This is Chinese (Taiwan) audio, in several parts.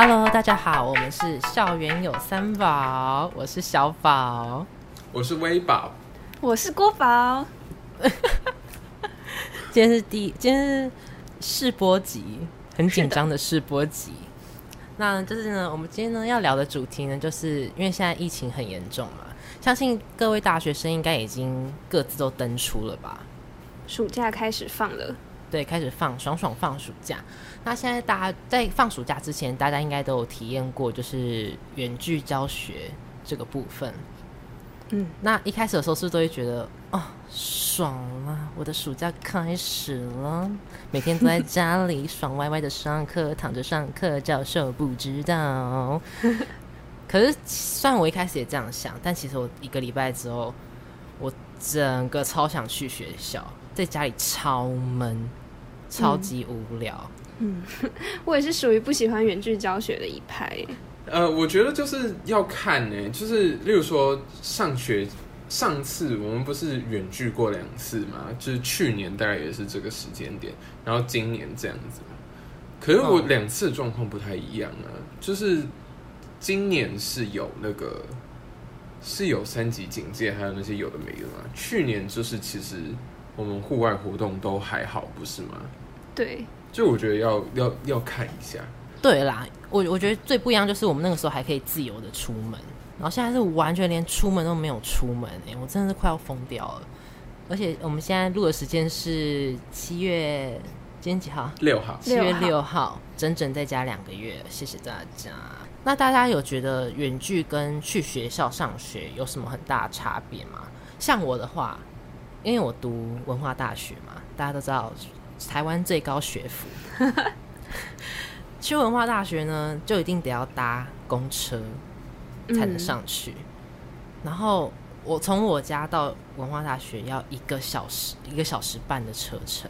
Hello，大家好，我們是校園有三寶，我是小寶，我是威寶，我是郭寶。 今天是第今天是試播集，很緊張的試播集是。那就是呢，我們今天呢要聊的主題呢，就是因為現在疫情很嚴重嘛，相信各位大學生應該已經各自都登出了吧，暑假開始放了。對，開始放爽爽放暑假。那現在大家在放暑假之前，大家應該都有體驗過，就是遠距教學這個部分。嗯，那一開始的時候是不是都會覺得，哦，爽啊，我的暑假開始了，每天都在家裡爽歪歪的上課， 躺着上課，教授不知道。 可是，雖然我一開始也這樣想，但其實我一個禮拜之後，我整個超想去學校，在家裡超悶。超級無聊，嗯，嗯我也是屬於不喜歡遠距教學的一派。呃，我覺得就是要看呢、欸，就是例如說上學上次我們不是遠距過兩次嘛，就是去年大概也是這個時間點，然後今年這樣子嘛。可是我兩次狀況不太一樣啊，哦，就是今年是有那個是有三級警戒，還有那些有的沒有的啊。去年就是其實。我們戶外活動都還好，不是嗎？對，就我覺得要要要看一下。對啦，我我覺得最不一樣就是我們那個時候還可以自由的出門，然後現在是完全連出門都沒有出門，欸，誒，我真的是快要瘋掉了。而且我們現在錄的時間是七月，今天幾號？六號。七月六號，號，整整在家兩個月，謝謝大家。那大家有覺得遠距跟去學校上學有什麼很大差別嗎？像我的話。因為我讀文化大學嘛，大家都知道，台灣最高學府。 去文化大學呢，就一定得要搭公車才能上去。嗯、然後我從我家到文化大學要一個小時，一個小時半的車程，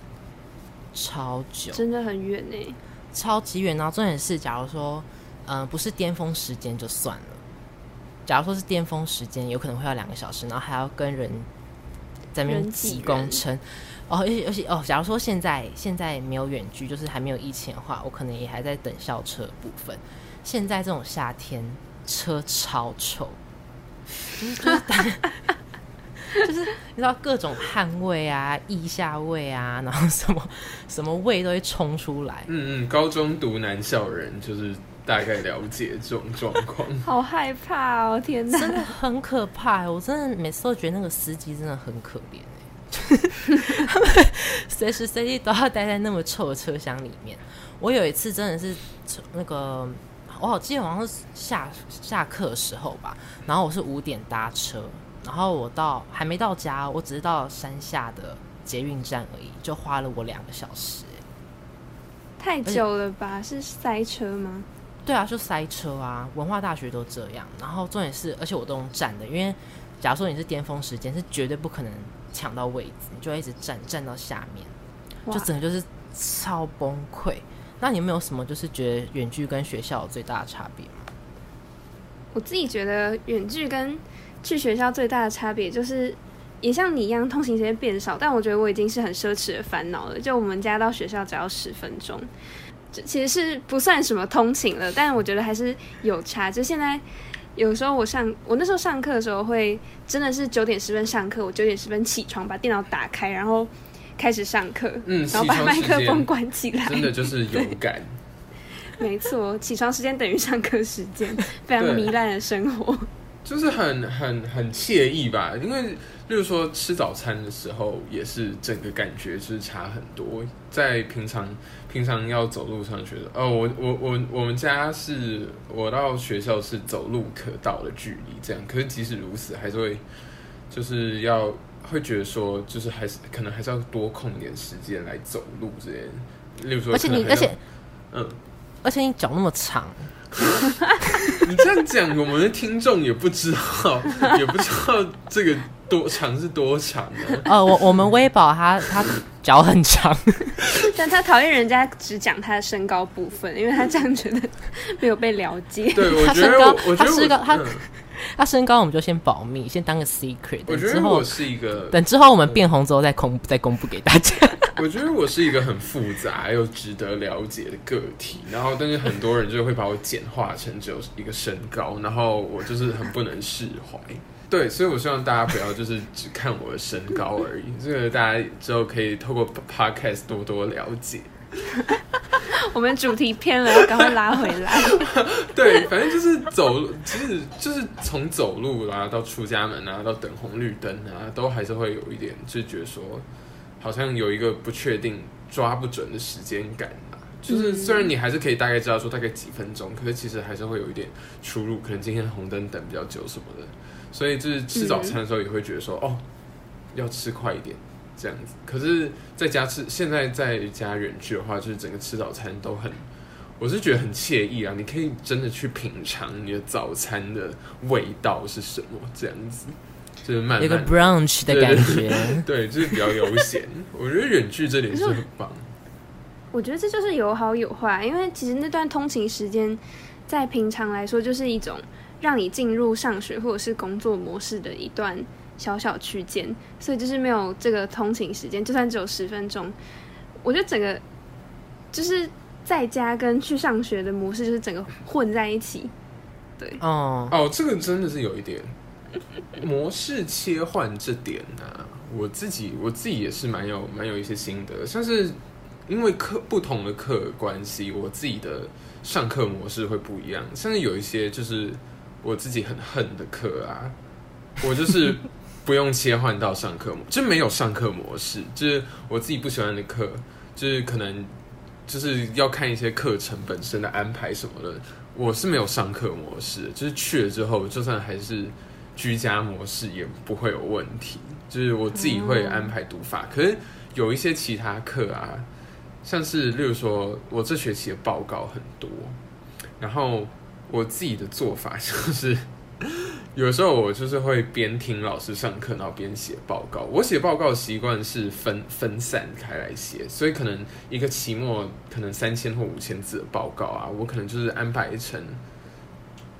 超久，真的很遠呢、欸，超級遠。然後重點是，假如說，嗯、呃，不是巔峰時間就算了，假如說是巔峰時間，有可能會要兩個小時，然後還要跟人。在那邊幾公升，哦，而且而且哦，假如說現在現在沒有遠距，就是還沒有疫情的話，我可能也還在等校車的部分。現在這種夏天，車超臭， 就是你知道各種汗味啊、腋下味啊，然後什麼什麼味都會衝出來。嗯嗯，高中讀男校人就是。大概了解這種狀況， 好害怕哦！天哪，真的很可怕，欸！我真的每次都覺得那個司機真的很可憐，欸，哎， 他們隨時隨地都要待在那麼臭的車廂裡面。我有一次真的是那個我好記得，好像是下下課的時候吧，然後我是五點搭車，然後我到還沒到家，我只是到山下的捷運站而已，就花了我兩個小時，欸，太久了吧？是塞車嗎？對啊，就塞車啊，文化大學都這樣。然後重點是，而且我都能站的，因為假如說你是巔峰時間，是絕對不可能搶到位置，你就要一直站，站到下面，就整個就是超崩潰。那你有沒有什麼就是覺得遠距跟學校有最大的差別嗎？我自己覺得遠距跟去學校最大的差別就是，也像你一樣，通勤時間變少，但我覺得我已經是很奢侈的煩惱了。就我們家到學校只要十分鐘。這其實，是不算什麼通勤了，但我覺得還是有差。就現在，有時候我上我那時候上課的時候，會真的是九點十分上課，我九點十分起床，把電腦打開，然後開始上課，嗯，然後把麥克風關起來，真的就是勇敢，沒錯，起床時間等於上課時間， 非常糜爛的生活。就是很很很愜意吧，因為例如說吃早餐的時候，也是整個感覺是差很多。在平常平常要走路上學的，哦，我我我我們家是我到學校是走路可到的距離，這樣。可是即使如此，還是會就是要會覺得說，就是還是可能還是要多空點時間來走路之類。例如說，而且你而且嗯，而且你腳那麼長。 你這樣講，我們的聽眾也不知道， 也不知道這個多長是多長的啊。呃，我我們威寶他他腳很長， 但他討厭人家只講他的身高部分，因為他這樣覺得沒有被了解。對，他他我覺得我，我覺得我他是個。他呃他、啊、身高我們就先保密，先當個 secret。我覺得我是一個，等之後我們變紅之後再公、嗯、再公布給大家。我覺得我是一個很複雜又值得了解的個體，然後但是很多人就會把我簡化成只有一個身高， 然後我就是很不能釋懷。對，所以我希望大家不要就是只看我的身高而已，這 個大家之後可以透過 Podcast 多多了解。 我們主題偏了，剛趕快拉回來。 對，反正就是走，其實就是從、就是、走路啊，到出家門啊，到等紅綠燈啊，都還是會有一點，就覺得說好像有一個不確定、抓不準的時間感啊。就是雖然你還是可以大概知道說大概幾分鐘、嗯，可是其實還是會有一點出入，可能今天紅燈等比較久什麼的。所以就是吃早餐的時候也會覺得說、嗯、哦，要吃快一點。這樣子，可是在家吃，現在在家遠距的話，就是整個吃早餐都很，我是覺得很愜意啊。你可以真的去品嘗你的早餐的味道是什麼，這樣子就是慢一個 brunch 對對對的感覺， 對，就是比較悠閒。 我覺得遠距這點是很棒。我覺得這就是有好有壞，因為其實那段通勤時間，在平常來說就是一種讓你進入上學或者是工作模式的一段。小小區間，所以就是沒有這個通勤時間，就算只有十分鐘，我覺得整個就是在家跟去上學的模式就是整個混在一起。對哦、oh. 哦，這個真的是有一點模式切換這點啊，我自己我自己也是蠻有蠻有一些心得，像是因為課不同的課關係，我自己的上課模式會不一樣，像是有一些就是我自己很恨的課啊，我就是。 不用切換到上課模式，就沒有上課模式。就是我自己不喜歡的課，就是可能就是要看一些課程本身的安排什麼的。我是沒有上課模式，就是去了之後，就算還是居家模式也不會有問題。就是我自己會安排讀法。嗯、可是有一些其他課啊，像是例如說我這學期的報告很多，然後我自己的做法就是。有時候我就是會邊聽老師上課，然後邊寫報告。我寫報告習慣是分分散開來寫，所以可能一個期末可能三千或五千字的報告啊，我可能就是安排成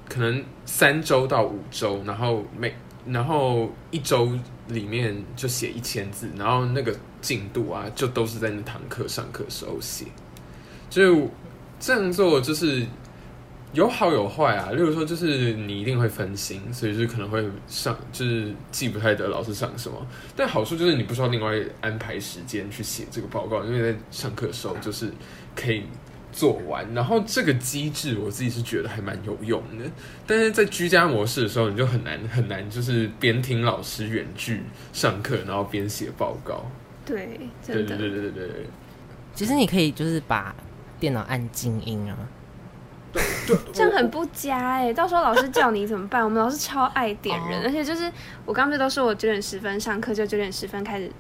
可能三週到五週，然後每，然後一週裡面就寫一千字，然後那個進度啊就都是在那堂課上課時候寫，就這樣做就是。有好有壞啊，例如說就是你一定會分心，所以就可能會上，就是記不太得老師上什麼。但好處就是你不需要另外安排時間去寫這個報告，因為在上課的時候就是可以做完。然後這個機制我自己是覺得還蠻有用的，但是在居家模式的時候你就很難很難就是邊聽老師遠距上課，然後邊寫報告。對，真的對對對對對對。其實你可以就是把電腦按靜音啊。對，這樣很不佳哎。 到時候老師叫你怎麼辦？我們老師超愛點人，oh. 而且就是我剛才都說我九點十分上課，就九點十分開始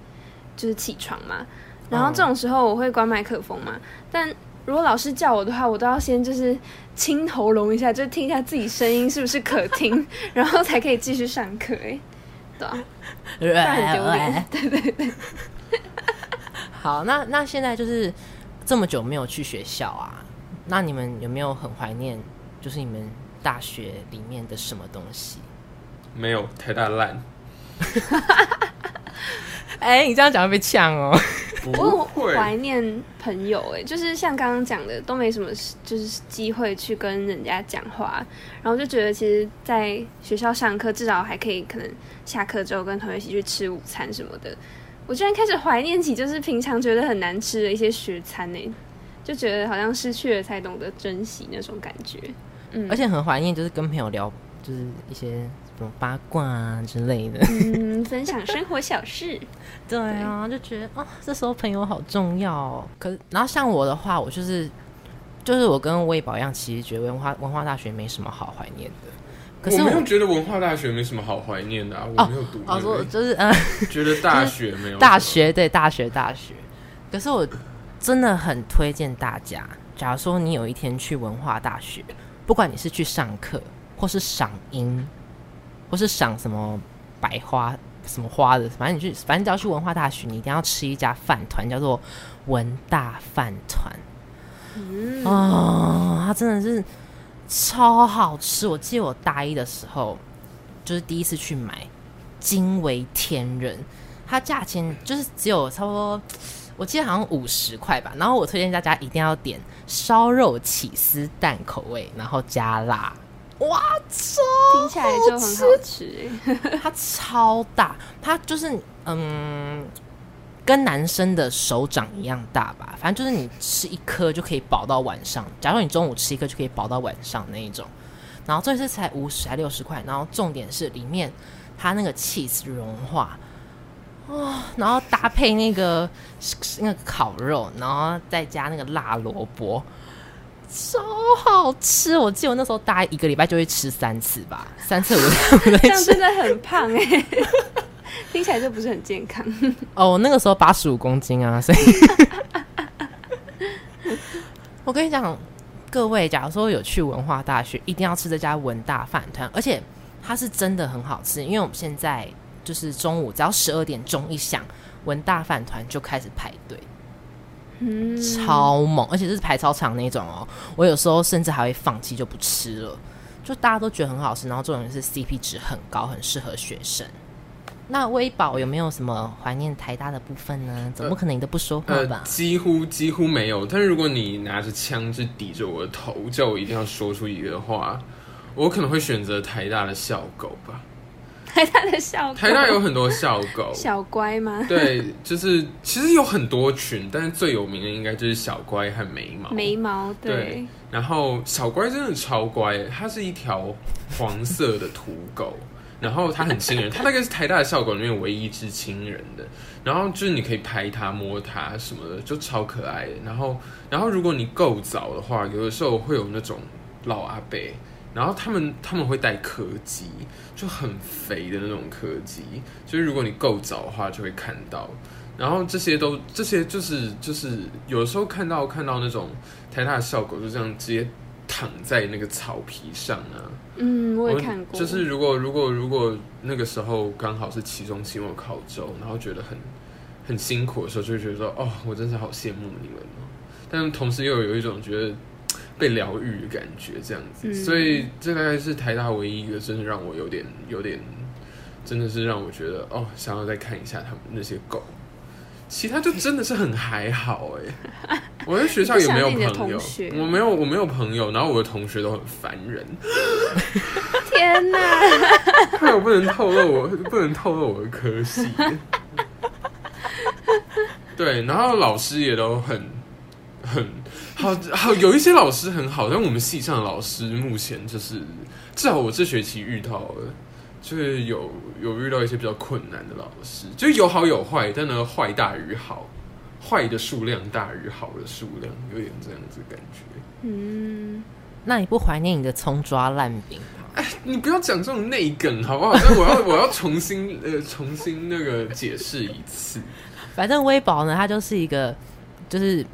就是起床嘛。Oh. 然後這種時候我會關麥克風嘛。但如果老師叫我的話，我都要先就是清喉嚨一下，就聽一下自己聲音是不是可聽， 然後才可以繼續上課哎。對啊，right, 不然很丟臉。Right. 對對對。 好，那那現在就是這麼久沒有去學校啊。那你們有沒有很懷念，就是你們大學裡面的什麼東西？沒有太大爛。哎、 欸，你這樣講會被嗆哦。不會，我懷念朋友誒、欸，就是像剛剛講的，都沒什麼，就是機會去跟人家講話，然後就覺得其實在學校上課至少還可以，可能下課之後跟同學一起去吃午餐什麼的。我居然開始懷念起，就是平常覺得很難吃的一些學餐哎、欸。就覺得好像失去了才懂得珍惜那種感覺，嗯，而且很懷念，就是跟朋友聊，就是一些什麼八卦啊之類的，嗯， 分享生活小事，對啊，就覺得哦，這時候朋友好重要、哦。可是，然後像我的話，我就是，就是我跟魏寶一樣，其實覺得文化文化大學沒什麼好懷念的。可是我，我沒有覺得文化大學沒什麼好懷念的啊、哦，我沒有讀，過就是嗯，呃、 覺得大學沒有什麼、就是、大學對大學大學，可是我。真的很推薦大家。假如說你有一天去文化大學，不管你是去上課，或是賞櫻，或是賞什麼白花什麼花的什麼，反正你去，反正只要去文化大學，你一定要吃一家飯糰，叫做文大飯糰。嗯，啊，oh，它真的是超好吃。我記得我大一的時候，就是第一次去買，驚為天人。它價錢就是只有差不多。我記得好像五十塊吧，然後我推薦大家一定要點燒肉起司蛋口味，然後加辣。哇，超聽起來就很好吃。 它超大，它就是嗯，跟男生的手掌一樣大吧。反正就是你吃一顆就可以飽到晚上。假如你中午吃一顆就可以飽到晚上那一種。然後重點才五十，還六十塊。然後重點是裡面它那個 cheese 融化，哦，然後搭配那個那個烤肉，然後再加那個辣蘿蔔，超好吃！我記得我那時候大概一個禮拜就會吃三次吧，三次我都這樣，這樣真的很胖哎、欸， 聽起來就不是很健康。哦、oh,，我那個時候八十五公斤啊，所以， 我跟你講，各位，假如說有去文化大學，一定要吃這家文大飯糰，而且它是真的很好吃，因為我們現在。就是中午只要十二點鐘一響，文大飯團就開始排隊，嗯，超猛，而且是排超長那種哦。我有時候甚至還會放棄就不吃了，就大家都覺得很好吃，然後重點是 CP 值很高，很適合學生。那微寶有沒有什麼懷念台大的部分呢？怎麼可能你都不說話吧？呃呃、幾乎幾乎沒有，但是如果你拿着槍就抵着我的頭，叫我一定要說出一個話，我可能會選擇台大的小狗吧。台大的校，台大有很多校狗。小乖嗎？對，就是其實有很多群，但是最有名的應該就是小乖和眉毛。眉毛對，對，然後小乖真的超乖，它是一條黃色的土狗， 然後它很親人，它大概是台大的校狗裡面唯一一隻親人的。然後就是你可以拍它，摸它什麼的，就超可愛的。然後，然後如果你夠早的話，有的時候會有那種老阿伯。然後他們他們會帶柯基，就很肥的那種柯基，就是如果你夠早的話就會看到。然後這些都這些就是就是有的時候看到看到那種台大的校狗，就這樣直接躺在那個草皮上啊，嗯，我也看過。就是如果如果如果那個時候剛好是期中期末考週，然後覺得很很辛苦的時候，就會覺得說哦，我真的好羨慕你們哦，但同時又有一種覺得。被療癒的感覺，這樣子，嗯，所以這大概是台大唯一一個真的讓我有點有點，真的是讓我覺得哦，想要再看一下他們那些狗。其他就真的是很還好哎、欸，okay. 我在學校也沒有朋友，我沒有我沒有朋友，然後我的同學都很煩人。 天哪！還有不能透露我不能透露我的科系。 對，然後老師也都很很。好好有一些老師很好，但我們系上的老師目前就是至少我這學期遇到了，就是有有遇到一些比較困難的老師，就有好有壞，但那個壞大於好，壞的數量大於好的數量，有點這樣子感覺。嗯，那你不懷念你的蔥抓爛餅嗎？哎，你不要講這種內梗好不好？ 我要我要重新呃重新那個解釋一次。反正微薄呢，它就是一個就是。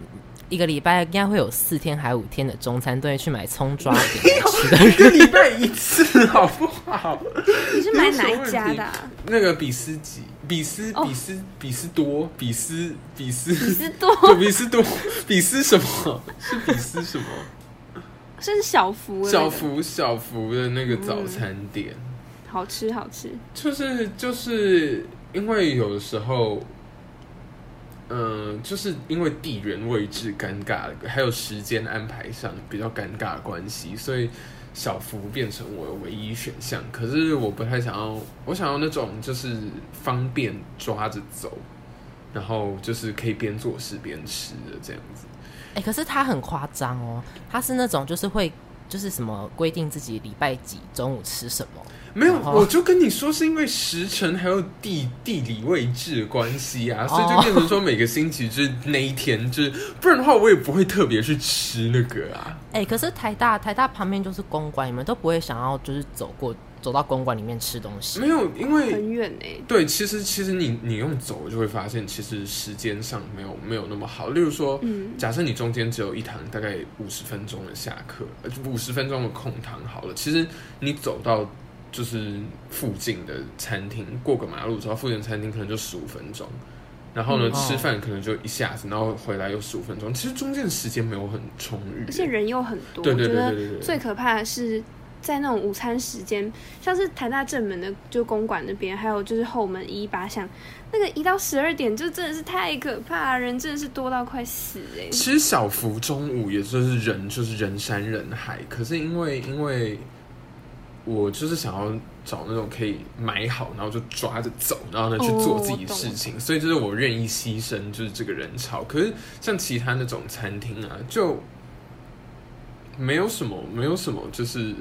一個禮拜應該會有四天還五天的中餐都去買蔥抓餅吃的。 一個禮拜一次好不好？ 你是買哪一家的？啊？那個比斯吉、比斯、比斯、哦、比斯多、比斯、比斯、比斯多、 多、比斯多、比斯什麼？是比斯什麼？是小福、那個？小福、小福的那個早餐店、嗯，好吃好吃。就是就是因為有的時候。嗯、呃，就是因為地緣位置尷尬，還有時間安排上比較尷尬的關係，所以小福變成我的唯一選項。可是我不太想要，我想要那種就是方便抓着走，然後就是可以邊做事邊吃的這樣子。哎、欸，可是他很誇張哦，他是那種就是會。就是什麼規定自己禮拜幾中午吃什麼？沒有，我就跟你說是因為時辰還有地地理位置的關係啊，oh. 所以就變成說每個星期就是那一天就，就是不然的話我也不會特別去吃那個啊。哎、欸，可是台大台大旁邊就是公館，你們都不會想要就是走過。走到公館裡面吃東西，沒有，因為很遠呢、欸。對，其實其實你你用走就會發現，其實時間上沒有沒有那麼好。例如說，嗯、假設你中間只有一堂大概五十分鐘的下課，五十分鐘的空堂好了。其實你走到就是附近的餐廳，過個馬路之後，附近的餐廳可能就十五分鐘。然後呢，嗯、吃飯可能就一下子，哦、然後回來又十五分鐘。其實中間的時間沒有很充裕，而且人又很多。對對對對對，對,對，最可怕的是。在那種午餐時間，像是台大正門的就公館那邊，還有就是後門一一八巷，那個一到十二點就真的是太可怕、啊，人真的是多到快死哎、欸。其實小福中午也就是人就是人山人海，可是因為因為，我就是想要找那種可以買好，然後就抓着走，然後呢去做自己的事情，oh, 所以就是我願意犧牲就是這個人潮。可是像其他那種餐廳啊，就沒有什麼沒有什麼就是。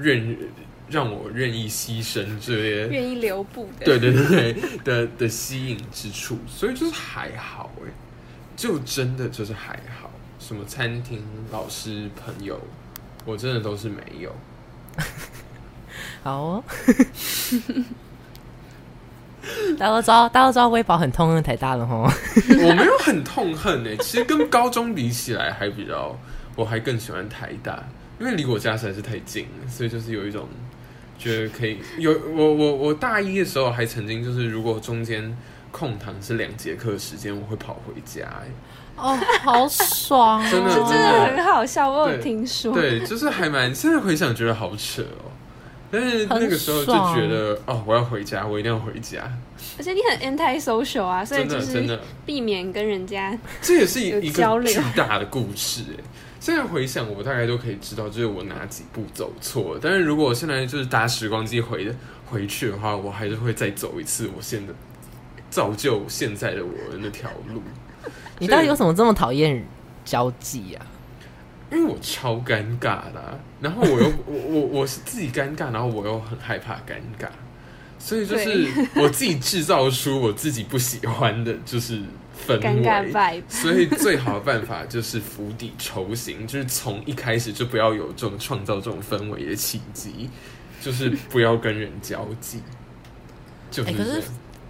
任讓我任意犧牲這些，願意留步的，對對對的的、的吸引之處，所以就是還好哎、欸，就真的就是還好，什麼餐廳、老師、朋友，我真的都是沒有。好、哦 大，大家都知道大家都知道，微寶很痛恨台大了。吼 ，我沒有很痛恨哎、欸，其實跟高中比起來還比較，我還更喜歡台大。因為離我家實在是太近了，所以就是有一種覺得可以有我。我我大一的時候還曾經就是，如果中間空堂是兩節課的時間，我會跑回家、欸。哦，好爽、哦，真的真的,真的很好笑。我有聽說，對，對就是還蠻現在回想覺得好扯哦，但是那個時候就覺得哦，我要回家，我一定要回家。而且你很 anti-social 啊，所以就是真的真的避免跟人家。這也是一個巨大的故事、欸。現在回想，我大概都可以知道，就是我哪幾步走錯了。但是如果我現在就是搭時光機回回去的話，我還是會再走一次我先，我現在的造就現在的我那條路。你到底有什麼這麼討厭交際呀？啊？因為我超尷尬的，啊，然後我又 我我我是自己尷尬，然後我又很害怕尷尬，所以就是我自己製造出我自己不喜歡的，就是。氛圍， 所以最好的辦法就是釜底抽薪，就是從一開始就不要有這種創造這種氛圍的契機，就是不要跟人交際。 就是、欸，可是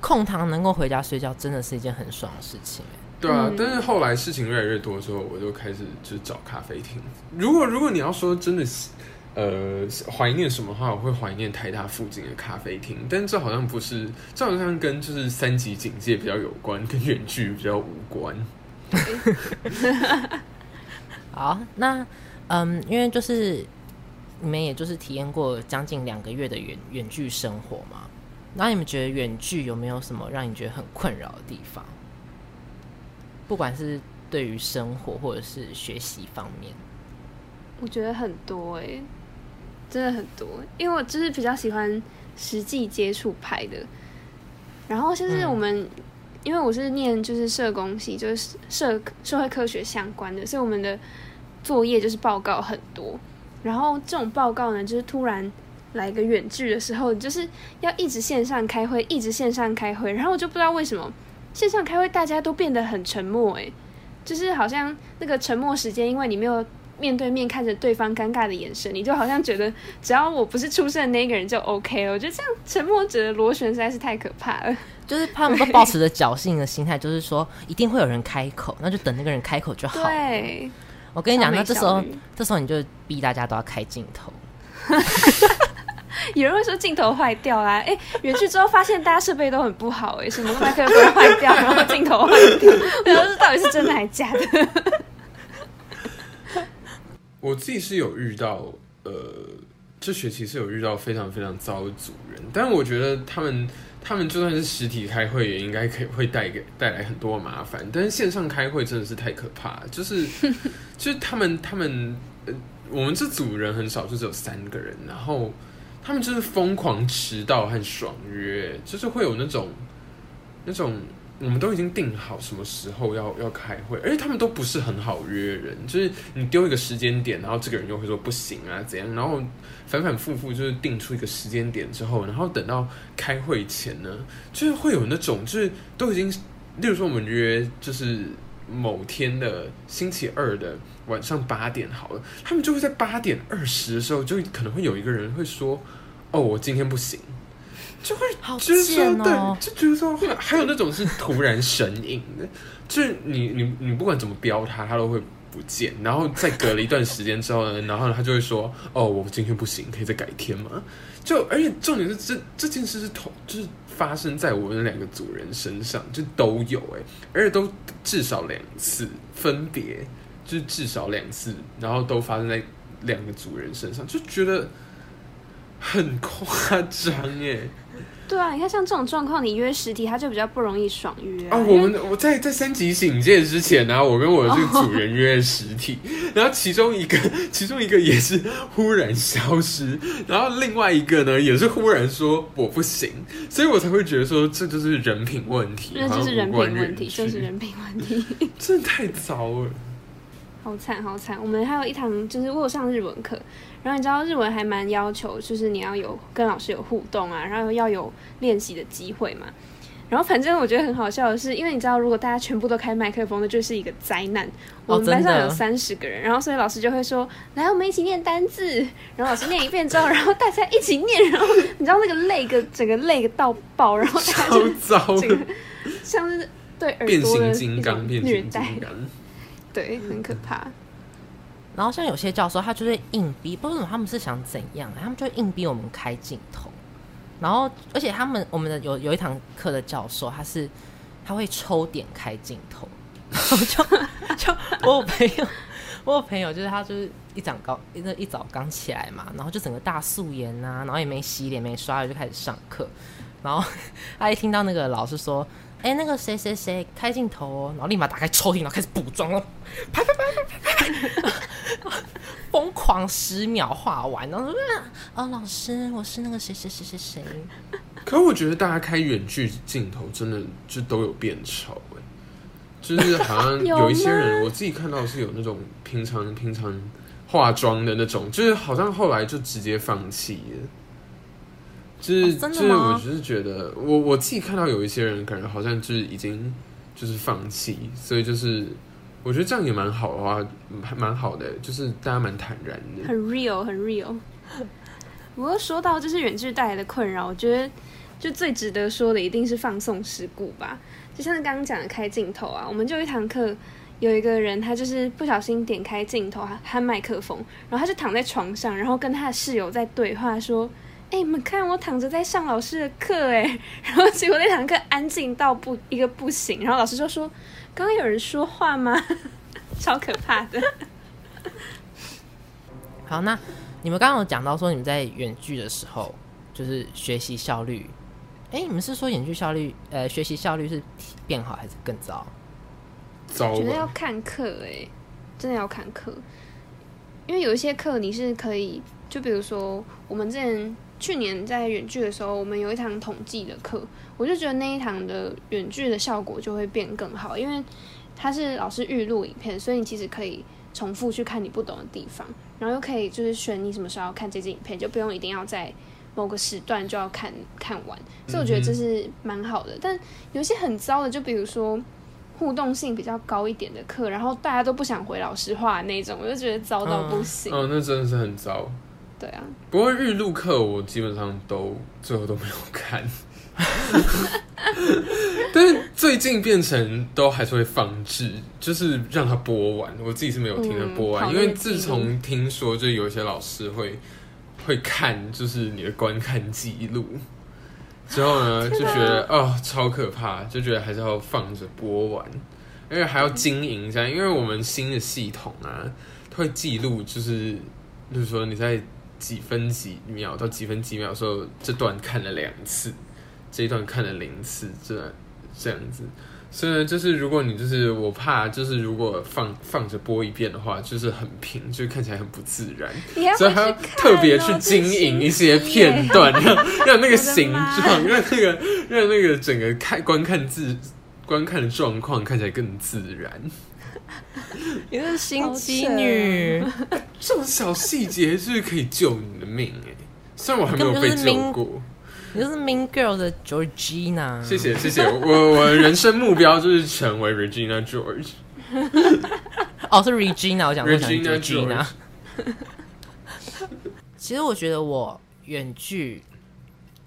空堂能夠回家睡覺，真的是一件很爽的事情。對啊，但是後來事情越來越多的時候，我就開始就找咖啡廳。如果如果你要說真的是。呃，懷念什麼的話，我會懷念台大附近的咖啡廳，但這好像不是，這好像跟就是三級警戒，比較有關，跟遠距比較無關。欸、 好，那嗯，因為就是你們也就是體驗過將近兩個月的遠遠距生活嘛，那你們覺得遠距有沒有什麼讓你覺得很困擾的地方？不管是對於生活或者是學習方面，我覺得很多誒、欸。真的很多，因為我就是比較喜歡實際接觸派的。然後就是我們、嗯，因為我是念就是社工系，就是社社會科學相關的，所以我們的作業就是報告很多。然後這種報告呢，就是突然來個遠距的時候，就是要一直線上開會，一直線上開會。然後我就不知道為什麼線上開會大家都變得很沉默，誒，就是好像那個沉默時間，因為你沒有。面對面看着對方尷尬的眼神，你就好像覺得只要我不是出生的那一個人就 OK 了。我覺得這樣沉默者的螺旋實在是太可怕了，就是他們都抱持着僥幸的心態，就是說一定會有人開口， 那就等那個人開口就好了。對，我跟你講，那這時候這時候你就逼大家都要開鏡頭。 有人會說鏡頭壞掉啦、啊，哎、欸，遠距之後發現大家設備都很不好哎、欸，什麼麥克風壞掉， 然後鏡頭壞掉，不知道這到底是真的還是假的。 我自己是有遇到，呃，這學期是有遇到非常非常糟的組人，但是我覺得他們他們就算是實體開會也應該可以會帶給帶來很多麻煩，但是線上開會真的是太可怕，就是就是他們他們，呃，我們這組人很少，就只有三個人，然後他們就是瘋狂遲到和爽約，就是會有那種那種。我們都已經定好什麼時候要要開會，而且他們都不是很好約人，就是你丟一個時間點，然後這個人又會說不行啊，怎樣，然後反反复覆就是定出一個時間點之後，然後等到開會前呢，就是會有那種就是都已經，例如說我們約就是某天的星期二的晚上八點好了，他們就會在八點二十的時候就可能會有一個人會說，哦，我今天不行。就會，就是說，對，就覺得說會，還有那種是突然神隱的， 就是你你你不管怎麼標它，它都會不見，然後再隔了一段時間之後呢，然後它就會說，哦，我今天不行，可以再改天嗎？就而且重點是這這件事是同，就是發生在我們兩個主人身上，就都有誒、欸，而且都至少兩次分，分別就是至少兩次，然後都發生在兩個主人身上，就覺得很、欸，很誇張耶。對啊，你看像這種狀況，你約實體他就比較不容易爽約啊。我們我在在三級警戒之前呢、啊，我跟我的這個主人約實體，oh. 然後其中一個其中一個也是忽然消失，然後另外一個呢也是忽然說我不行，所以我才會覺得說這就是人品問題，那就是人品問題，就是人品問題，這太糟了。好慘好慘！我們還有一堂，就是我有上日文課，然後你知道日文還蠻要求，就是你要有跟老師有互動啊，然後要有練習的機會嘛。然後反正我覺得很好笑的是，因為你知道如果大家全部都開麥克風，那就是一個災難。我們班上有三十個人，哦啊，然後所以老師就會說：“來，我們一起念單字。”然後老師念一遍之後， 然後大家一起念。然後你知道那個 lag 整個 lag 到爆，然後大家就糟了，像是對耳朵的虐待，變形金剛。對，很可怕、嗯。然後像有些教授，他就是硬逼，不知道他們是想怎樣，他們就硬逼我們開鏡頭。然後，而且他們我們的有有一堂課的教授，他是他會抽點開鏡頭。就就，就 我朋友，我朋友就是他就是一長高一早一早剛起來嘛，然後就整個大素顏吶、啊，然後也沒洗臉沒刷牙就開始上課，然後他一聽到那個老師說。哎、欸，那個誰誰誰開鏡頭哦，然後立馬打開抽屜，然後開始補妝哦，拍拍拍拍拍拍，拍，瘋 狂十秒畫完哦。然後說，啊，老師，我是那個誰誰誰誰誰。可我覺得大家開遠距鏡頭真的就都有變醜哎，就是好像有一些人，我自己看到是有那種平常平常化妝的那種，就是好像後來就直接放棄了。就是、oh, 真的，我只是覺得，我我自己看到有一些人，可能好像就是已經就是放棄，所以就是我覺得這樣也蠻好的話還蠻好的、欸，就是大家蠻坦然的。很 real，很 real。不過說到就是遠距帶來的困擾，我覺得就最值得說的一定是放送事故吧。就像剛剛講的開鏡頭啊，我們就一堂課有一個人，他就是不小心點開鏡頭啊，麥克風，然後他就躺在床上，然後跟他的室友在對話說。哎、欸，你們看我躺着在上老師的課哎，然後結果那堂課安靜到不一個不行，然後老師就說：“剛剛有人說話嗎？”超可怕的。好，那你們剛剛有講到說你們在遠距的時候，就是學習效率，哎、欸，你們是說遠距效率，呃，學習效率是變好還是更糟？糟。我覺得要看課哎，真的要看課，因為有一些課你是可以，就比如說我們之前。去年在遠距的時候，我們有一堂統計的課，我就覺得那一堂的遠距的效果就會變更好，因為它是老師預錄影片，所以你其實可以重複去看你不懂的地方，然後又可以就是選你什麼時候要看這支影片，就不用一定要在某個時段就要看看完，所以我覺得這是蠻好的，嗯。但有些很糟的，就比如說互動性比較高一點的課，然後大家都不想回老師話的那種，我就覺得糟到不行。哦。哦，那真的是很糟。對啊，不過日錄課我基本上都最後都沒有看， 但是最近變成都還是會放置，就是讓它播完。我自己是沒有聽它播完，嗯，因為自從聽說就有一些老師會會看，就是你的觀看記錄之後呢，就覺得、啊、哦超可怕，就覺得還是要放着播完，因為還要經營一下、嗯，因為我們新的系統啊，會記錄，就是就是說你在。幾分幾秒到幾分幾秒時候，這段看了兩次，這一段看了零次，這這樣子。所以呢，就是如果你就是我怕，就是如果放放着播一遍的話，就是很平，就看起來很不自然。哦、所以還要特別去經營一些片段，讓、欸、 讓那個形狀，讓那個讓那個整個看觀看自觀看的狀況看起來更自然。 你是心機女。 這種小細節是不是可以救你的命，欸？哎，雖然我還沒有被救過。你就是 Mean Girl 的 Georgina。謝謝謝謝，我我的人生目標就是成為 Regina George。哦、 oh，是 Regina，我講成 Regina, Regina。George， 其實我覺得我遠距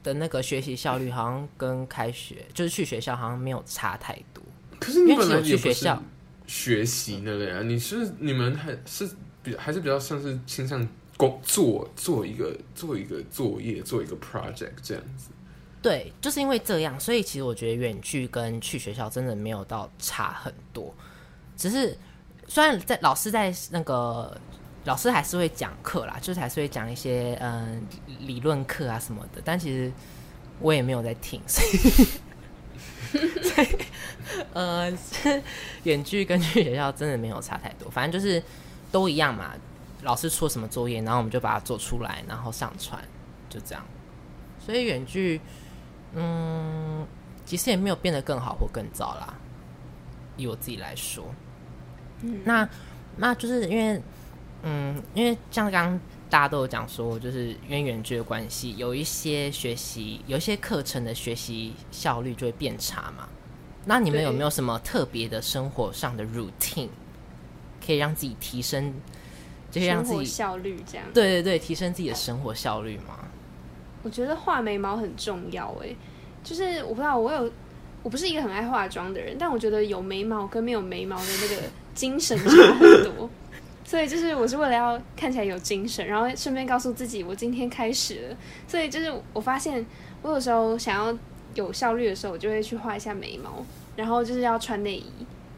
的那個學習效率好像跟開學就是去學校好像沒有差太多。可是你本來去學校學習那個呀、啊嗯？你是你們還是？比還是比較像是傾向工作做做一個做一個作業做一個 project 這樣子，對，就是因為這樣，所以其實我覺得遠距跟去學校真的沒有到差很多，只是雖然在老師在那個老師還是會講課啦，就是、還是會講一些嗯、呃、理論課啊什麼的，但其實我也沒有在聽，所以， 所以呃，是遠 距跟去學校真的沒有差太多，反正就是。都一樣嘛，老師出什麼作業，然後我們就把它做出來，然後上傳，就這樣。所以遠距，嗯，其實也沒有變得更好或更糟啦。以我自己來說，嗯，那那就是因為，嗯，因為像剛剛大家都有講說，就是因為遠距的關係，有一些學習，有一些課程的學習效率就會變差嘛。那你們有沒有什麼特別的生活上的 routine？可以讓自己提升，就是讓自己效率這樣。對對對，提升自己的生活效率嘛。我覺得畫眉毛很重要欸，就是我不知道我有，我不是一個很愛化妝的人，但我覺得有眉毛跟沒有眉毛的那個精神差很多。 所以就是我是為了要看起來有精神，然後順便告訴自己我今天開始了。所以就是我發現我有時候想要有效率的時候，我就會去畫一下眉毛，然後就是要穿內衣。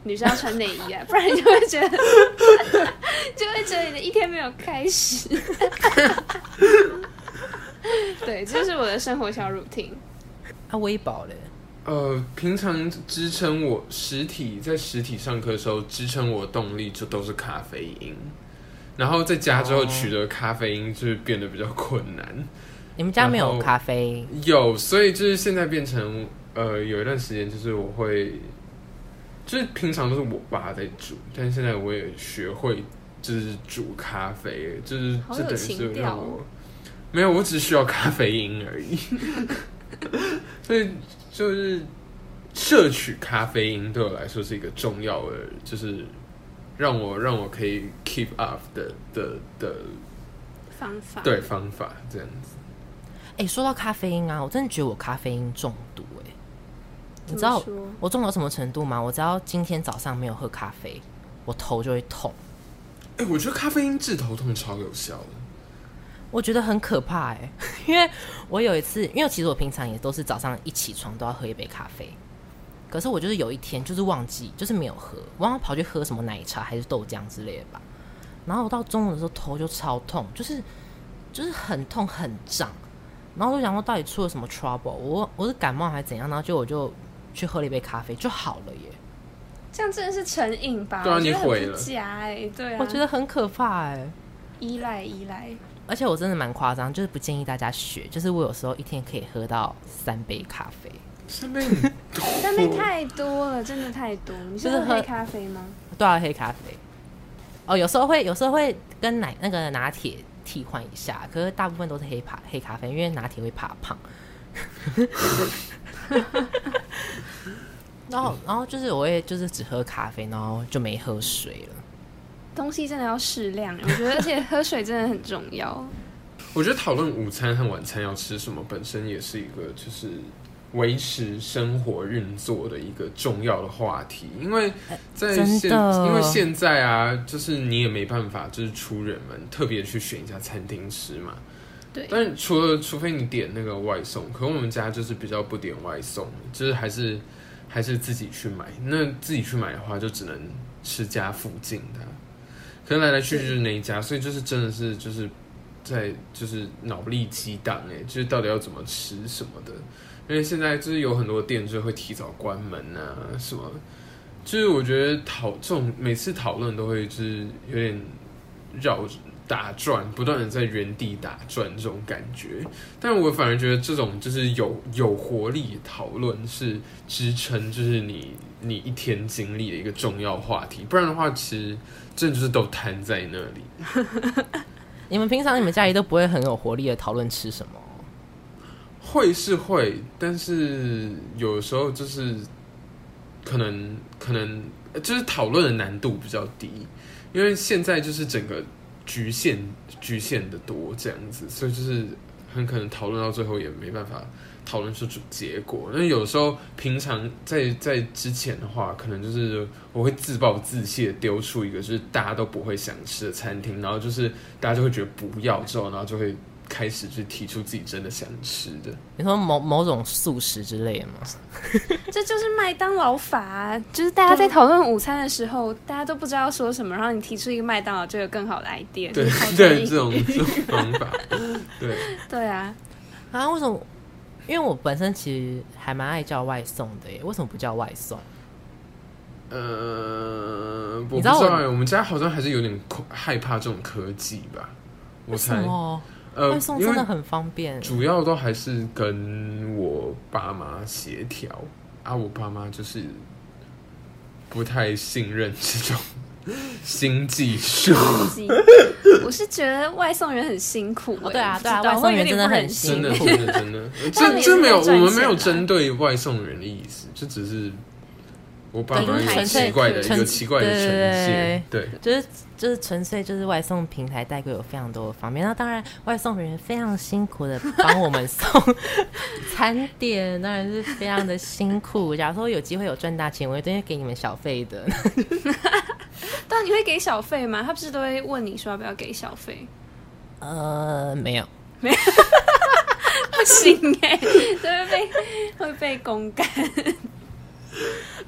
女生要穿內衣啊，不然你就會覺得 就會覺得你的一天沒有開始。 對，這、就是我的生活小 routine。啊，微薄的呃，平常支撐我實體，在實體上課的時候支撐我動力就都是咖啡因，然後在家之後取得咖啡因就變得比較困難。Oh. 你們家沒有咖啡？有，所以就是現在變成呃，有一段時間就是我會。就是平常都是我爸在煮，但是現在我也學會就是煮咖啡，就是這等於是讓我，沒有，我只需要咖啡因而已。 所以就是攝取咖啡因對我來說是一個重要的，就是讓我讓我可以 keep up 的的的方法，對，方法這樣子。哎、欸，說到咖啡因啊，我真的覺得我咖啡因中毒。你知道我重到什麼程度嗎？我只要今天早上沒有喝咖啡，我頭就會痛。哎、欸，我覺得咖啡因治頭痛超有效的。我覺得很可怕哎、欸，因為我有一次，因為其實我平常也都是早上一起床都要喝一杯咖啡，可是我就是有一天就是忘記，就是沒有喝，然後跑去喝什麼奶茶還是豆漿之類的吧。然後我到中午的時候頭就超痛，就是就是很痛很脹。然後我就想說，到底出了什麼 trouble？我我是感冒還是怎樣？然後就我就。去喝了一杯咖啡就好了耶，這樣真的是成癮吧？對啊，你我很是假、欸對啊，你毀了。假哎，對我覺得很可怕哎、欸，依賴依賴。而且我真的蠻誇張，就是不建議大家學。就是我有時候一天可以喝到三杯咖啡，三杯， 三杯太多了，真的太多。你是喝黑咖啡嗎？多、就、少、是啊、黑咖啡？哦，有時候會有時候會跟奶那個拿鐵替換一下，可是大部分都是黑怕黑咖啡，因為拿鐵會怕胖。 然後然後就是我也就是只喝咖啡，然後就沒喝水了。東西真的要適量，我覺得，而且喝水真的很重要。 我覺得討論午餐和晚餐要吃什麼，本身也是一個就是維持生活運作的一個重要的話題。因為在現因為現在啊，就是你也沒辦法，就是出遠門特別去選一家餐廳吃嘛。但除了除非你點那個外送，可我們家就是比較不點外送，就是還是還是自己去買。那自己去買的話，就只能吃家附近的，啊，可能來來去去就是那一家，所以就是真的是就是在就是腦力激盪誒、欸，就是到底要怎麼吃什麼的。因為現在就是有很多店就會提早關門啊什麼的，就是我覺得討這種每次討論都會就是有點繞。打轉，不斷的在原地打轉，這種感覺。但我反而覺得這種就是有有活力討論，是支撐就是你你一天經歷的一個重要話題。不然的話，其實真的就是都癱在那裡。 你們平常你們家裡都不會很有活力的討論吃什麼？會是會，但是有時候就是可能可能就是討論的難度比較低，因為現在就是整個。侷限侷限的多這樣子，所以就是很可能討論到最後也沒辦法討論出結果。那有時候平常在在之前的話，可能就是我會自暴自棄丟出一個就是大家都不會想吃的餐廳，然後就是大家就會覺得不要，之後然後就會開始去提出自己真的想吃的，你說某某種素食之類的嗎？ 這就是麥當勞法啊，就是大家在討論午餐的時候，大家都不知道說什麼，然後你提出一個麥當勞就有更好的 idea 對對，這種方法， 對對啊！啊！為什麼？因為我本身其實還蠻愛叫外送的耶。為什麼不叫外送？呃，我不知道欸，你知道我，我們家好像還是有點害怕這種科技吧，我猜。呃，外送真的很方便，因為主要都還是跟我爸媽協調啊，我爸媽就是不太信任這種新技術。我是覺得外送員很辛苦，欸哦，對啊，對啊，外送員真的很辛苦，真的，真的，真的 這這沒有，我們沒有針對外送員的意思，這只是。我不是純粹一個奇怪的呈現，對,對,對,對,對,對，就是就是純粹就是外送平台代購有非常多的方面。那當然，外送人員非常辛苦的幫我們送餐點，當然是非常的辛苦。假如說有機會有賺大錢，我一定會給你們小費的。 但你會給小費嗎？他不是都會問你說要不要給小費？呃，沒有，沒有，不行哎、欸， 會被會被公幹。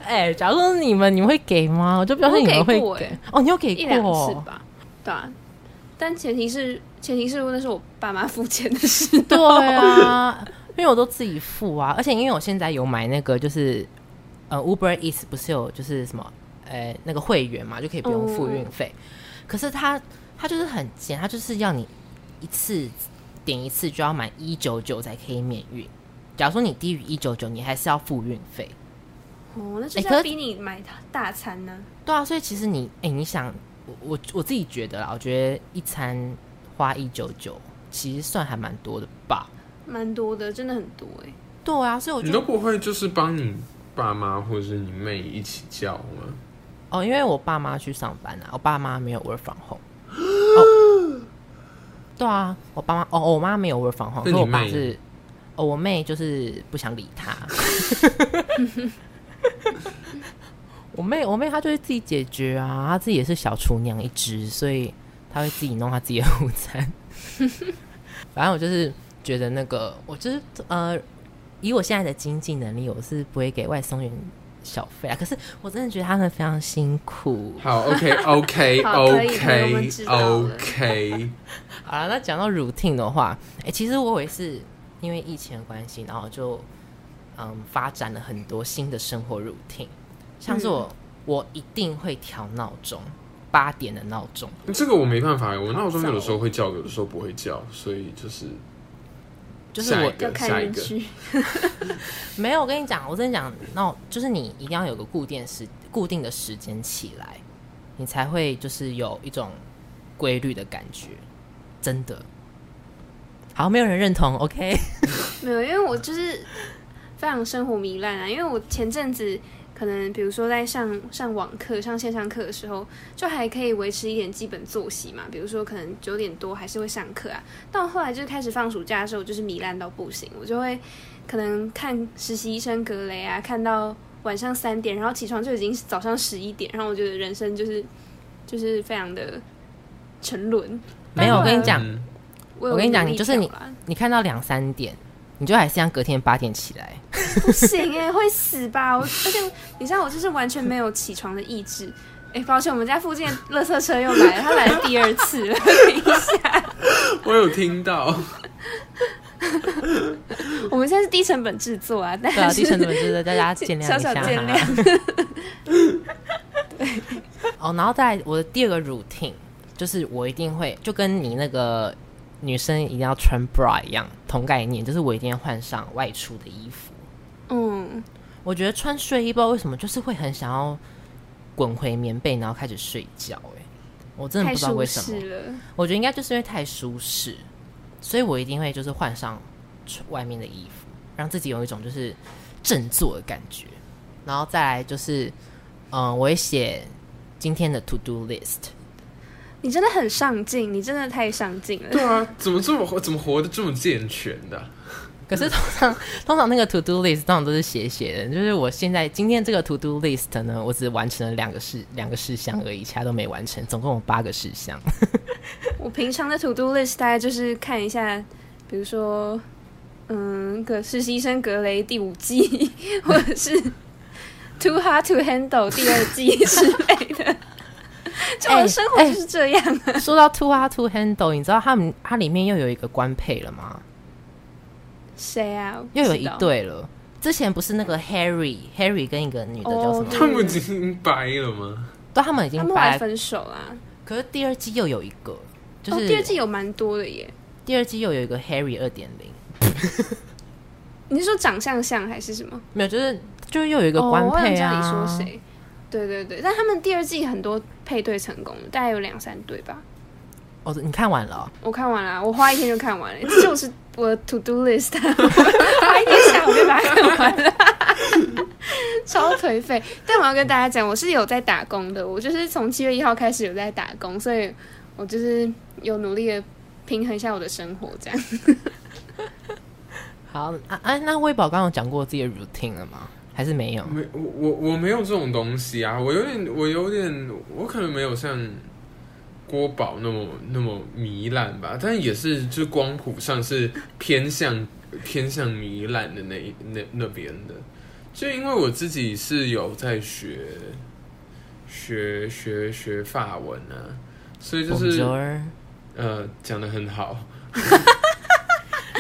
哎、欸，假如說你們，你們會給嗎？我就不相信你們會給，給、欸。哦，你有給過是、哦、吧？對啊，但前提是前提是那是我爸媽付錢的事。對啊，因為我都自己付啊。 而且因為我現在有買那個，就是呃 Uber Eats 不是有就是什麼呃那個會員嘛，就可以不用付運費。Oh. 可是他他就是很賤，他就是要你一次點一次就要滿一九九才可以免運。假如說你低於一九九，你還是要付運費。哦，那是比你買大餐呢、啊欸。對啊，所以其實你，哎、欸，你想，我我自己覺得啦，我覺得一餐花一九九，其實算還蠻多的吧，蠻多的，真的很多哎、欸。對啊，所以我覺得你都不會就是幫你爸媽或者是你妹一起叫嗎？哦，因為我爸媽去上班了、啊，我爸媽沒有 work from home。 哦，對啊，我爸媽，哦，我媽沒有 work from home，所以我爸是，哦，我妹就是不想理他。 我妹，我妹她就會自己解決啊，她自己也是小廚娘一隻，所以她會自己弄她自己的午餐。 反正我就是覺得那個，我就是呃，以我現在的經濟能力，我是不會給外送員小費啊。可是我真的覺得他們非常辛苦。好，OK，OK，OK，OK。Okay, okay, okay, 好 okay, 了，okay. 好啦，那講到 routine 的話，哎、欸，其實我也是因為疫情的關係，然後就。嗯，發展了很多新的生活 routine，像是我，嗯、我一定會調鬧鐘，八點的鬧鐘。這個我沒辦法，我鬧鐘有的時候會叫，有的時候不會叫，所以就是就是我下一個，下一個 沒有。我跟你講，我跟你講，鬧就是你一定要有個固定時、固定的時間起來，你才會就是有一種規律的感覺，真的。好，沒有人認同，OK？ 沒有，因為我就是。非常生活糜爛啊！因為我前陣子可能，比如說在上上網課、上線上課的時候，就還可以維持一點基本作息嘛。比如說可能九點多還是會上課啊。到後來就開始放暑假的時候，就是糜爛到不行。我就會可能看《實習醫生格雷》啊，看到晚上三點，然後起床就已經早上十一點。然後我覺得人生就是就是非常的沉淪。沒有，我跟你講，嗯，我跟你講，你就是你看到兩三點。你就還是像隔天八點起來，不行哎， 會死吧！我而且你知道我就是完全沒有起床的意志。哎、欸，抱歉，我們家附近的垃圾車又來了，他 來了第二次了。等一下，我有聽到。 我們現在是低成本製作啊，對啊，低成本製作，大家見諒一下，小小見諒。哦 ，oh, 然後在我的第二個 routine，就是我一定會就跟你那個。女生一定要穿 bra 一樣，同概念，就是我一定要換上外出的衣服。嗯，我覺得穿睡衣不知道為什麼就是會很想要滾回棉被，然後開始睡覺欸。誒，我真的不知道為什麼。我覺得應該就是因為太舒適，所以我一定會就是換上外面的衣服，讓自己有一種就是振作的感覺。然後再來就是，嗯，我會寫今天的 to do list。你真的很上進，你真的太上進了。對啊，怎麼這麼活，怎麼活得這麼健全的啊？ 可是通常通常那個 to do list 通常都是寫寫的，就是我現在今天這個 to do list 呢，我只完成了兩個事兩個事項而已，其他都沒完成，總共有八個事項。 我平常的 to do list 大概就是看一下，比如說，嗯，可是《實習醫生格雷》第五季，或者是 Too Hard to Handle 第二季 之類的。就我的生活就是這樣、啊欸。的、欸。 說到 Too Hot to Handle， 你知道他們它裡面又有一個官配了嗎？誰啊？又有一對了。之前不是那個 Harry、嗯、Harry 跟一個女的叫什麼？他們已經掰了嗎？都他們已經掰分手了、啊。可是第二季又有一個，就是、哦、第二季有蠻多的耶。第二季又有一個 Harry 二點零。 你是說長相像還是什麼？哦、沒有，就是就又有一個官配啊。你說誰？對對對，但他們第二季很多配對成功，大概有兩三對吧。哦，你看完了哦？我看完了啊，我花一天就看完了， 就我是我的 to do list，花一天下午就把它看完了， 超頹廢。但我要跟大家講，我是有在打工的，我就是從七月一號開始有在打工，所以我就是有努力的平衡一下我的生活，這樣。好啊，啊，那威寶剛剛有講過自己的 routine 了嗎？還是沒有？沒我我我沒有這種東西啊！我有點我有點我可能沒有像郭寶那麼那麼糜爛吧，但也是就光譜上是偏向偏向糜爛的那那那邊的。就因為我自己是有在學學學學法文啊，所以就是、Bonjour. 呃講得很好。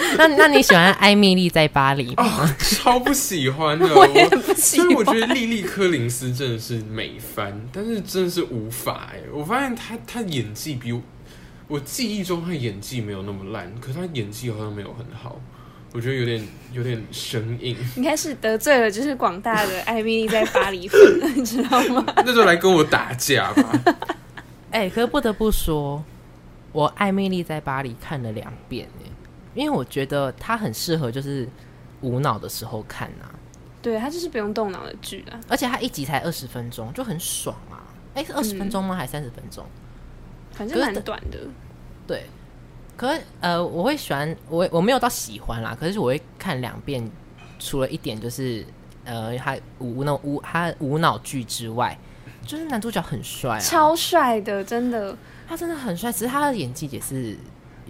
那那你喜歡《艾米麗在巴黎》嗎 啊？超不喜歡的，我。所 以我，我覺得莉莉·柯林斯真的是美翻，但是真的是無法哎。我發現她她演技比我，我記憶中她演技沒有那麼爛，可她演技好像沒有很好，我覺得有點有點生硬。應該是得罪了，就是廣大的《艾米麗在巴黎》粉， 你 知道嗎？ 那就來跟我打架吧！哎 欸，可是不得不說，我《艾米麗在巴黎》看了兩遍哎。因為我覺得他很適合就是無腦的時候看吶、啊，對，他就是不用動腦的劇啊，而且他一集才二十分鐘就很爽啊！哎、欸，是二十分鐘嗎？嗯、還是三十分鐘？反正蠻短的。對，可是呃，我會喜歡我我沒有到喜歡啦，可是我會看兩遍。除了一點就是呃他、那個，他無腦無他無腦劇之外，就是男主角很帥、啊，超帥的，真的，他真的很帥。其實他的演技也是。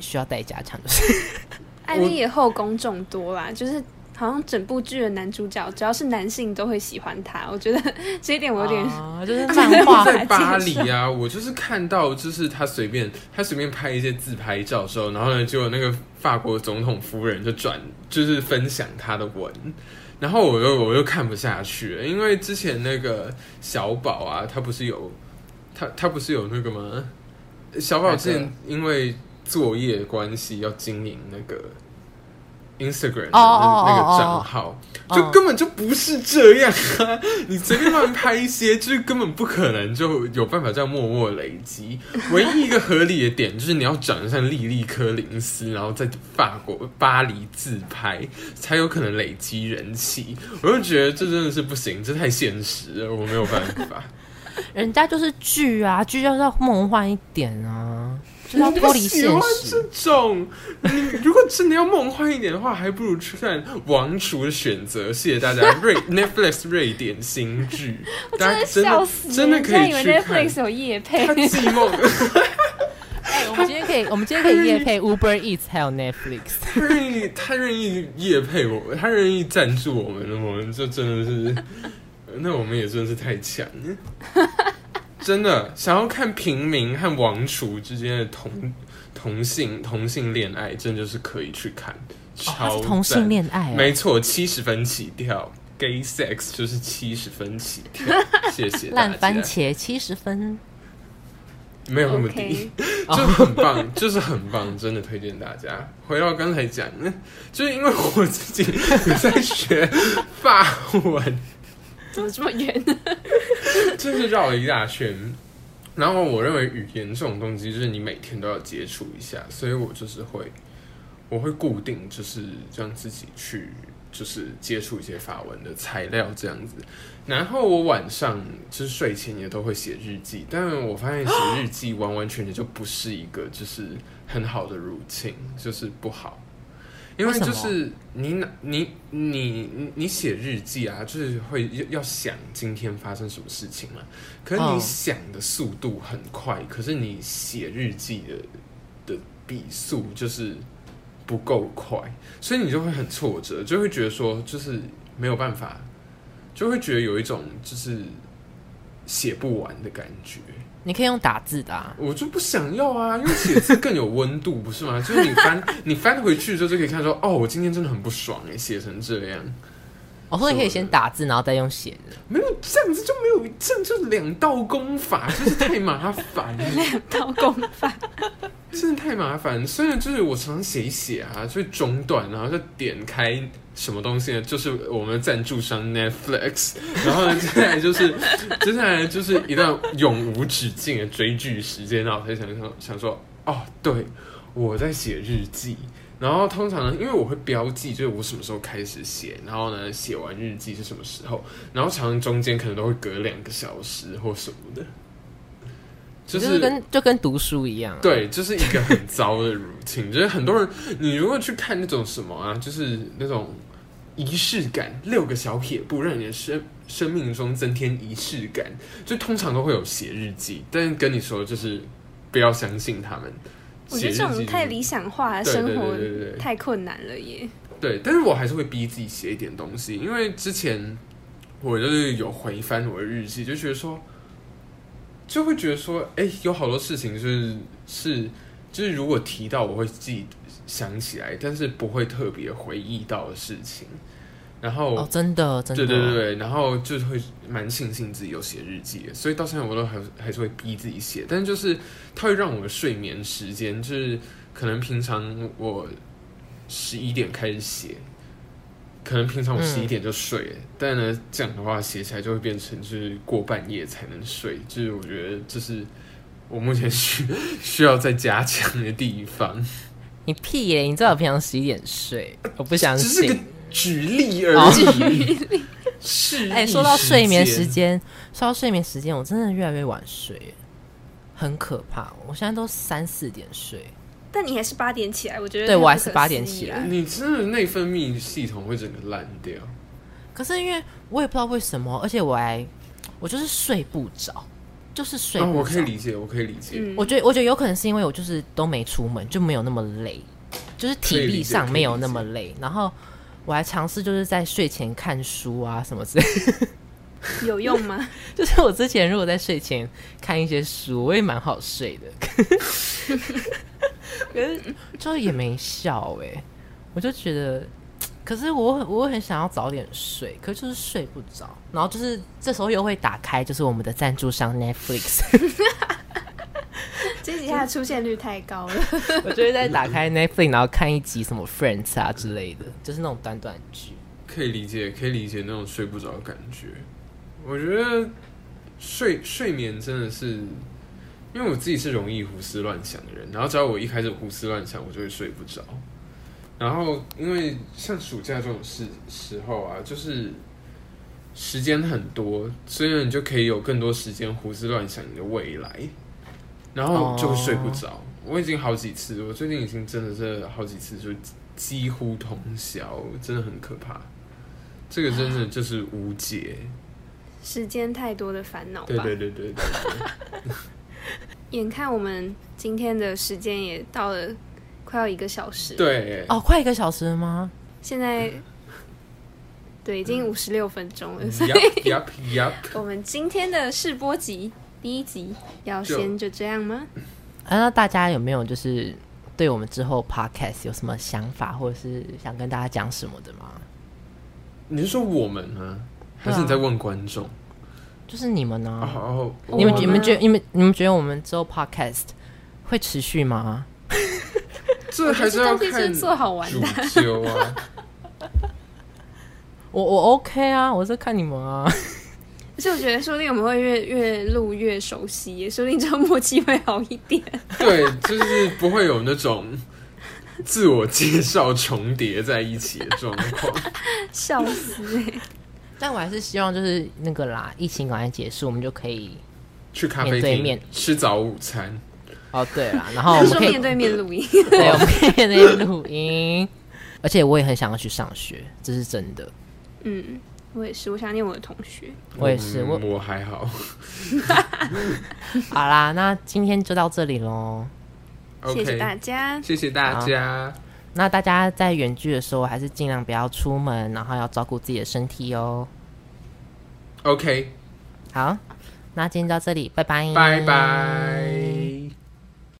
需要帶家長的事， 艾米也後宮眾多啦，就是好像整部劇的男主角，只要是男性都會喜歡他。我覺得這一點我有點，uh, 就是這樣。在巴黎啊，我就是看到，就是他隨便他隨便拍一些自拍照的時候，然後呢，就有那個法國總統夫人就轉，就是分享他的文，然後我又我又看不下去了，因為之前那個小寶啊，他不是有他他不是有那個嗎？小寶之前因為，作業關係要經營那個 Instagram 那個賬號，就根本就不是這樣啊！你隨便亂拍一些，就根本不可能就有辦法這樣默默累積。唯一一個合理的點就是你要長得像莉莉柯林斯，然後在法國巴黎自拍，才有可能累積人氣。我就覺得這真的是不行，這太現實了，我沒有辦法。人家就是劇啊，劇要是要夢幻一點啊。真的不喜歡這種，如果真的要夢幻一點的話， 還不如去看《王廚的選擇》。謝謝大家，瑞 Netflix 瑞典新劇， 真的，我真的笑死，真的可以去。以為 Netflix 有業配，他做夢。哎、 欸，我們今天可以，我們今天可以業配 Uber Eats 還有 Netflix。他 願意他願意業配我，他願意贊助我們，我們這真的是， 那我們也真的是太強了。 真的想要看平民和王儲之間的同同性同性戀愛，真的就是可以去看。超、哦、它是同性戀愛、欸，沒錯，七十分起跳，gay sex 就是七十分起跳。 謝謝。爛番茄七十分，沒有那麼低，okay. 就很棒，oh. 就是很棒，真的推薦大家。回到剛才講，就是因為我自己在學法文。 怎麼這麼嚴呢？ 就是繞了一大圈。然後我認為語言這種東西，就是你每天都要接觸一下，所以我就是會，我會固定就是讓自己去，就是接觸一些法文的材料這樣子。然後我晚上就是睡前也都會寫日記，但我發現寫日記完完全全就不是一個就是很好的 routine，就是不好。因為就是你你你你寫日記啊，就是會要要想今天發生什麼事情嘛、啊。可是你想的速度很快，oh. 可是你寫日記的的筆速就是不夠快，所以你就會很挫折，就會覺得說就是沒有辦法，就會覺得有一種就是寫不完的感覺。你可以用打字的啊，我就不想要啊，因為寫字更有溫度， 不是嗎？就是你翻，你翻回去之後就可以看說， 哦，我今天真的很不爽誒，寫成這樣。我說你可以先打字，然後再用寫。沒有這樣子就沒有這樣，就兩道功法， 真是太麻煩。兩道功法，真的太麻煩。雖然就是我常常寫一寫啊，就中斷，然後就點開什麼東西呢？就是我們的贊助商 Netflix，然後呢，接下來就是 接下來就是一段永無止境的追劇時間。然後他就想說，想說，哦，對，我在寫日記。然後通常呢，因為我會標記，就是我什麼時候開始寫，然後呢，寫完日記是什麼時候，然後常常中間可能都會隔兩個小時或什麼的，就是，就是跟就跟讀書一樣啊，對，就是一個很糟的 routine。 就是很多人，你如果去看那種什麼啊，就是那種儀式感，六個小撇步讓你的生生命中增添儀式感，就通常都會有寫日記，但跟你說，就是不要相信他們。就是、我覺得這種太理想化，生活對對對對對太困難了耶。對，但是我還是會逼自己寫一點東西，因為之前我就是有回翻我的日記，就覺得說，就會覺得說，哎、欸，有好多事情、就是是，就是如果提到，我會自己想起來，但是不會特別回憶到的事情。然後哦，真的，真的，對對對，對，然後就是會蠻慶幸，幸自己有寫日記，所以到現在我都還還是會逼自己寫，但就是它會讓我的睡眠時間，就是可能平常我十一點開始寫，可能平常我十一點就睡了、嗯，但呢，這樣的話寫起來就會變成就是過半夜才能睡，就是我覺得這是我目前需要需要再加強的地方。你屁耶、欸！你知道我平常十一點睡，我不相信。啊舉例而已。是、哦、哎，說到睡眠時間，說到睡眠時間，我真的越來越晚睡，很可怕。我現在都三四點睡，但你還是八點起來。我覺得對我還是八點起來，你真的內分泌系統會整個爛掉。可是因為我也不知道為什麼，而且我還我就是睡不着，就是睡不、啊。我可以理解，我可以理解。嗯、我覺得我覺得有可能是因為我就是都沒出門，就沒有那麼累，就是體力上沒有那麼累，然後。我還嘗試就是在睡前看書啊什麼之類的，有用嗎？ 就是我之前如果在睡前看一些書，我也蠻好睡的， 可是就也沒效誒、欸， 我就覺得，可是我我很想要早點睡，可是就是睡不着，然後就是這時候又會打開就是我們的贊助商 Netflix。 這幾下出現率太高了。 我就是在打開 Netflix，然後看一集什麼 Friends 啊之類的，就是那種短短劇。可以理解，可以理解那種睡不着的感覺。我覺得睡睡眠真的是，因為我自己是容易胡思亂想的人，然後只要我一開始胡思亂想，我就會睡不着。然後因為像暑假這種時時候啊，就是時間很多，所以你就可以有更多時間胡思亂想你的未來。然後就睡不着。Oh. 我已經好幾次，我最近已經真的是好幾次，就幾乎通宵，真的很可怕。這個真的就是無解。嗯、時間太多的煩惱。對對對對對，對。 眼看我們今天的時間也到了，快要一個小時。對。哦、oh，快一個小時了嗎？現在，嗯、對，已經五十六分鐘了。嗯、yup, yup.、Yep. 我們今天的試播集。第一集要先就這樣嗎？難道、嗯嗯啊，大家有沒有就是對我們之後 podcast 有什麼想法，或者是想跟大家講什麼的嗎？你是說我們嗎？啊，還是你在問觀眾？就是你們呢、啊哦哦？你們、哦、你們覺、哦、你們、覺、哦你、們覺哦、你們覺得我們之後 podcast 會持續嗎？ 這還是要看做好玩的。 我我 OK 啊，我在看你們啊。而且我覺得說不定我們會越越錄越熟悉，說不定之後默契會好一點。對，就是不會有那種自我介紹重疊在一起的狀況，笑，笑死、欸！但我還是希望就是那個啦，疫情趕快結束，我們就可以面對面去咖啡店吃早午餐。哦、oh，對啦，然後我面 對面錄音， 對，面對面錄音。 而且我也很想要去上學，這是真的。嗯。我也是，我想念我的同學。我也是，我我還好。 好啦，那今天就到這裡嘍，okay, okay, 謝謝大家，謝謝大家。那大家在遠距的時候，還是盡量不要出門，然後要照顧自己的身體哦。OK，好，那今天到這裡，拜拜，拜拜。